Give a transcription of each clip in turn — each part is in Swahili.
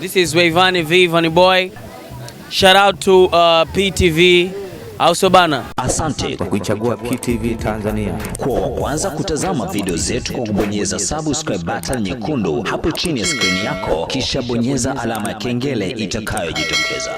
This is Wayvani V Vani Boy. Shout out to uh, PTV au bana? Asante kwa kuichagua PTV Tanzania. Kwa wa kwanza kutazama video zetu kwa kubonyeza subscribe button nyekundu hapo chini ya screen yako, kisha bonyeza alama ya kengele itakayojitokeza.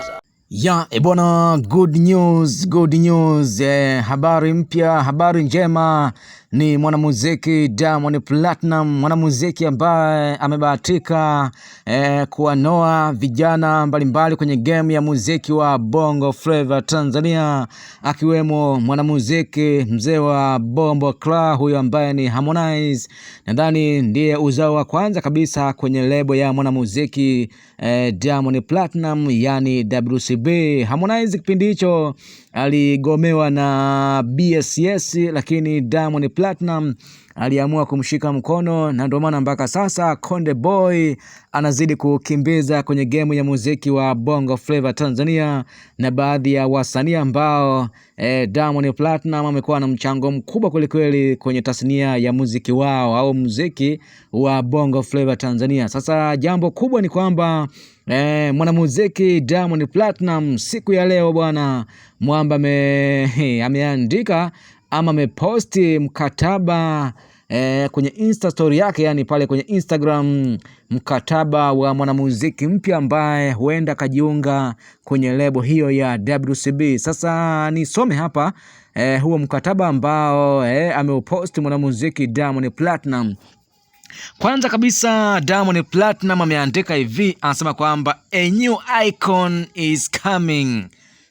Ya ebwana, good news, good news eh, habari mpya, habari njema ni mwanamuziki Diamond Platinum, mwanamuziki ambaye amebahatika eh, kuwanoa vijana mbalimbali kwenye game ya muziki wa Bongo Flava Tanzania, akiwemo mwanamuziki mzee wa Bombo Kla huyo ambaye ni Harmonize. Nadhani ndiye uzao wa kwanza kabisa kwenye lebo ya mwanamuziki eh, Diamond Platinum yani WCB. Harmonize kipindi hicho aligomewa na BSS, lakini Diamond Platinum aliamua kumshika mkono, na ndio maana mpaka sasa Konde Boy anazidi kukimbiza kwenye gemu ya muziki wa Bongo Flava Tanzania, na baadhi ya wasanii ambao eh, Diamond Platinum amekuwa na mchango mkubwa kwelikweli kwenye tasnia ya muziki wao au muziki wa Bongo Flava Tanzania. Sasa jambo kubwa ni kwamba E, mwanamuziki Diamond Platinum siku ya leo bwana Mwamba ameandika ama ameposti mkataba eh, kwenye insta story yake, yani pale kwenye Instagram, mkataba wa mwanamuziki mpya ambaye huenda akajiunga kwenye lebo hiyo ya WCB. Sasa nisome hapa eh, huo mkataba ambao eh, ameuposti mwanamuziki Diamond Platinum. Kwanza kabisa Diamond Platinum ameandika hivi, anasema kwamba a new icon is coming.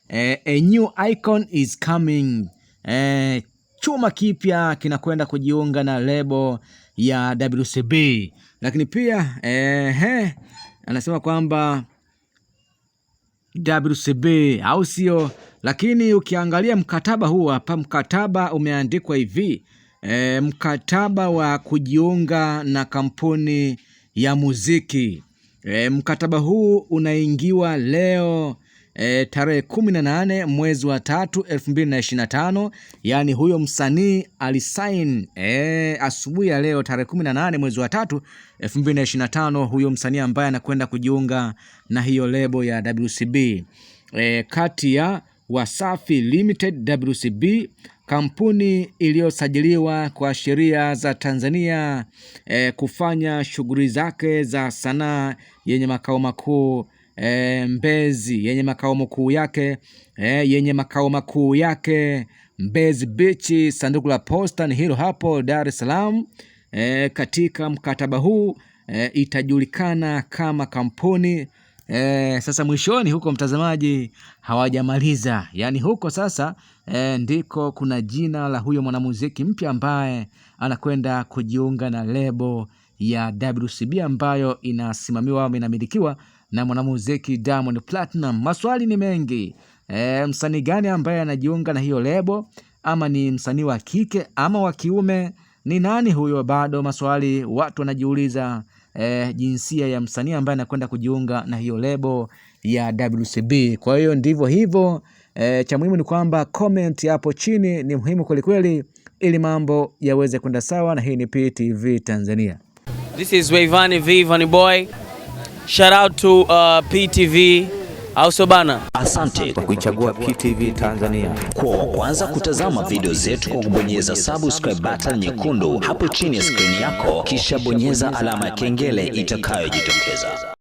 Eh, a new icon is coming. Eh, chuma kipya kinakwenda kujiunga na lebo ya WCB, lakini pia ehe, anasema kwamba WCB au sio? Lakini ukiangalia mkataba huu hapa, mkataba umeandikwa hivi e, mkataba wa kujiunga na kampuni ya muziki e, mkataba huu unaingiwa leo e, tarehe 18 mwezi wa tatu 2025, yani huyo msanii alisain e, asubuhi ya leo tarehe 18 mwezi wa tatu 2025, huyo msanii ambaye anakwenda kujiunga na hiyo lebo ya WCB e, kati ya Wasafi Limited WCB kampuni iliyosajiliwa kwa sheria za Tanzania e, kufanya shughuli zake za sanaa yenye makao makuu e, Mbezi yenye makao makuu yake e, yenye makao makuu yake Mbezi Beach. Sanduku la posta ni hilo hapo Dar es Salaam. E, katika mkataba huu e, itajulikana kama kampuni e. Sasa mwishoni huko mtazamaji, hawajamaliza yaani, huko sasa e, ndiko kuna jina la huyo mwanamuziki mpya ambaye anakwenda kujiunga na lebo ya WCB ambayo inasimamiwa au inamilikiwa na mwanamuziki Diamond Platinum. Maswali ni mengi e, msanii gani ambaye anajiunga na hiyo lebo ama ni msanii wa kike ama wa kiume? Ni nani huyo? Bado maswali watu wanajiuliza e, jinsia ya msanii ambaye anakwenda kujiunga na hiyo lebo ya WCB. Kwa hiyo ndivyo hivyo e, cha muhimu ni kwamba comment hapo chini ni muhimu kwelikweli, ili mambo yaweze kwenda sawa, na hii ni PTV Tanzania. This is Wayvani V, Vani Boy. Shout out to uh, PTV au sio bana? Asante kwa kuichagua PTV Tanzania. Kwa wa kwanza kutazama video zetu kwa kubonyeza subscribe button nyekundu hapo chini ya skrini yako, kisha bonyeza alama ya kengele itakayojitokeza.